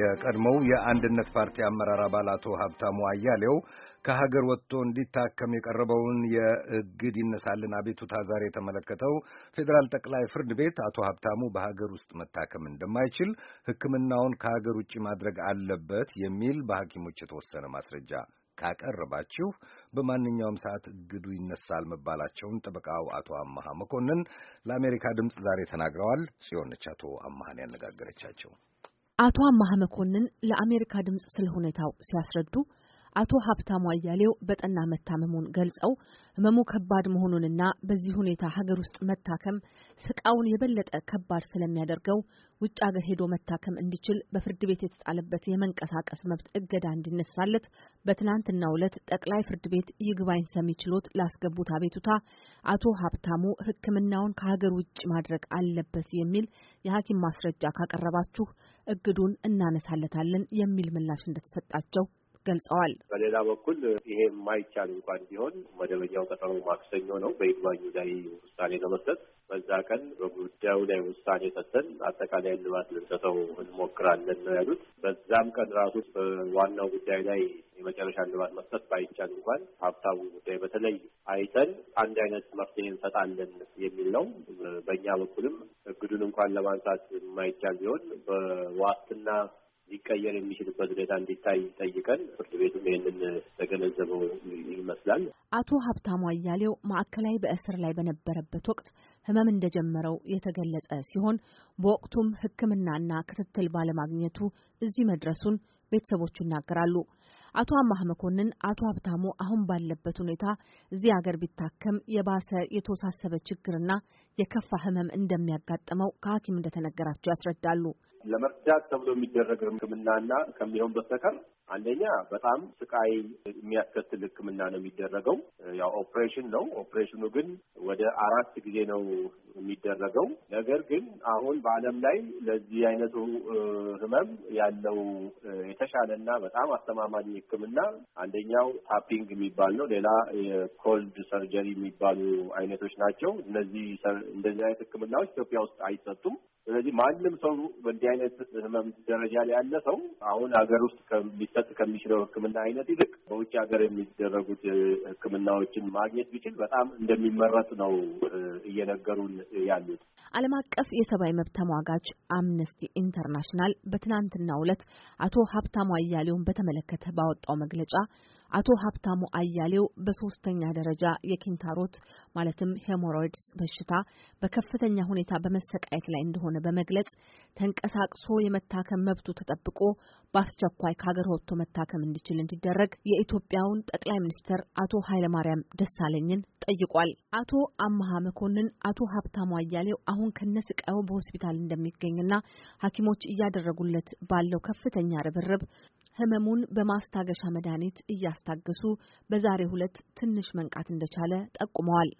የቀድሞው የአንድነት ፓርቲ አመራር አባል አቶ ሀብታሙ አያሌው ከሀገር ወጥቶ እንዲታከም የቀረበውን የእግድ ይነሳልን አቤቱታ ዛሬ የተመለከተው ፌዴራል ጠቅላይ ፍርድ ቤት አቶ ሀብታሙ በሀገር ውስጥ መታከም እንደማይችል ሕክምናውን ከሀገር ውጭ ማድረግ አለበት የሚል በሐኪሞች የተወሰነ ማስረጃ ካቀረባችሁ በማንኛውም ሰዓት እግዱ ይነሳል መባላቸውን ጠበቃው አቶ አመሃ መኮንን ለአሜሪካ ድምፅ ዛሬ ተናግረዋል። ጽዮነች አቶ አመሃን ያነጋገረቻቸው አቶ አማሀ መኮንን ለአሜሪካ ድምጽ ስለ ሁኔታው ሲያስረዱ አቶ ሀብታሙ አያሌው በጠና መታመሙን ገልጸው ህመሙ ከባድ መሆኑንና በዚህ ሁኔታ ሀገር ውስጥ መታከም ስቃውን የበለጠ ከባድ ስለሚያደርገው ውጭ ሀገር ሄዶ መታከም እንዲችል በፍርድ ቤት የተጣለበት የመንቀሳቀስ መብት እገዳ እንዲነሳለት በትናንትናው ዕለት ጠቅላይ ፍርድ ቤት ይግባኝ ሰሚ ችሎት ላስገቡት አቤቱታ አቶ ሀብታሙ ሕክምናውን ከሀገር ውጭ ማድረግ አለበት የሚል የሐኪም ማስረጃ ካቀረባችሁ እግዱን እናነሳለታለን የሚል ምላሽ እንደተሰጣቸው ገልጸዋል። በሌላ በኩል ይሄ የማይቻል እንኳን ቢሆን መደበኛው ቀጠሮ ማክሰኞ ነው። በይግባኙ ላይ ውሳኔ ለመስጠት በዛ ቀን በጉዳዩ ላይ ውሳኔ ሰጥተን አጠቃላይ እልባት ልንሰጠው እንሞክራለን ነው ያሉት። በዛም ቀን ራሱ በዋናው ጉዳይ ላይ የመጨረሻ እልባት መስጠት ባይቻል እንኳን ሀብታሙ ጉዳይ በተለይ አይተን አንድ አይነት መፍትሄ እንሰጣለን የሚል ነው። በእኛ በኩልም እግዱን እንኳን ለማንሳት የማይቻል ቢሆን በዋስትና ሊቀየር የሚችልበት ሁኔታ እንዲታይ ጠይቀን ፍርድ ቤቱም ይህንን ተገነዘበው ይመስላል። አቶ ሀብታሙ አያሌው ማዕከላዊ በእስር ላይ በነበረበት ወቅት ህመም እንደጀመረው የተገለጸ ሲሆን በወቅቱም ሕክምናና ክትትል ባለማግኘቱ እዚህ መድረሱን ቤተሰቦቹ ይናገራሉ። አቶ አማህ መኮንን አቶ ሀብታሙ አሁን ባለበት ሁኔታ እዚህ ሀገር ቢታከም የባሰ የተወሳሰበ ችግርና የከፋ ህመም እንደሚያጋጥመው ከሐኪም እንደተነገራቸው ያስረዳሉ። ለመርዳት ተብሎ የሚደረግ ህክምናና ከሚሆን በስተቀር አንደኛ በጣም ስቃይ የሚያስከትል ህክምና ነው የሚደረገው። ያው ኦፕሬሽን ነው። ኦፕሬሽኑ ግን ወደ አራት ጊዜ ነው የሚደረገው። ነገር ግን አሁን በዓለም ላይ ለዚህ አይነቱ ህመም ያለው የተሻለ በጣም አስተማማኝ ሕክምና አንደኛው ታፒንግ የሚባል ነው። ሌላ የኮልድ ሰርጀሪ የሚባሉ አይነቶች ናቸው። እነዚህ እንደዚህ አይነት ሕክምናዎች ኢትዮጵያ ውስጥ አይሰጡም። ስለዚህ ማንም ሰው በእንዲህ አይነት ህመም ደረጃ ላይ ያለ ሰው አሁን ሀገር ውስጥ ሊሰጥ ከሚችለው ህክምና አይነት ይልቅ በውጭ ሀገር የሚደረጉት ህክምናዎችን ማግኘት ቢችል በጣም እንደሚመረጥ ነው እየነገሩን ያሉት። ዓለም አቀፍ የሰብአዊ መብት ተሟጋች አምነስቲ ኢንተርናሽናል በትናንትና በትናንትናው ዕለት አቶ ሀብታሙ አያሌውን በተመለከተ ባወጣው መግለጫ አቶ ሀብታሙ አያሌው በሶስተኛ ደረጃ የኪንታሮት ማለትም ሄሞሮይድስ በሽታ በከፍተኛ ሁኔታ በመሰቃየት ላይ እንደሆነ በመግለጽ ተንቀሳቅሶ የመታከም መብቱ ተጠብቆ በአስቸኳይ ከሀገር ወጥቶ መታከም እንዲችል እንዲደረግ የኢትዮጵያውን ጠቅላይ ሚኒስትር አቶ ኃይለማርያም ደሳለኝን ጠይቋል። አቶ አመሀ መኮንን አቶ ሀብታሙ አያሌው አሁን ከነስቃዩ በሆስፒታል እንደሚገኝና ሐኪሞች እያደረጉለት ባለው ከፍተኛ ርብርብ ህመሙን በማስታገሻ መድኃኒት እያስታገሱ በዛሬ ሁለት ትንሽ መንቃት እንደቻለ ጠቁመዋል።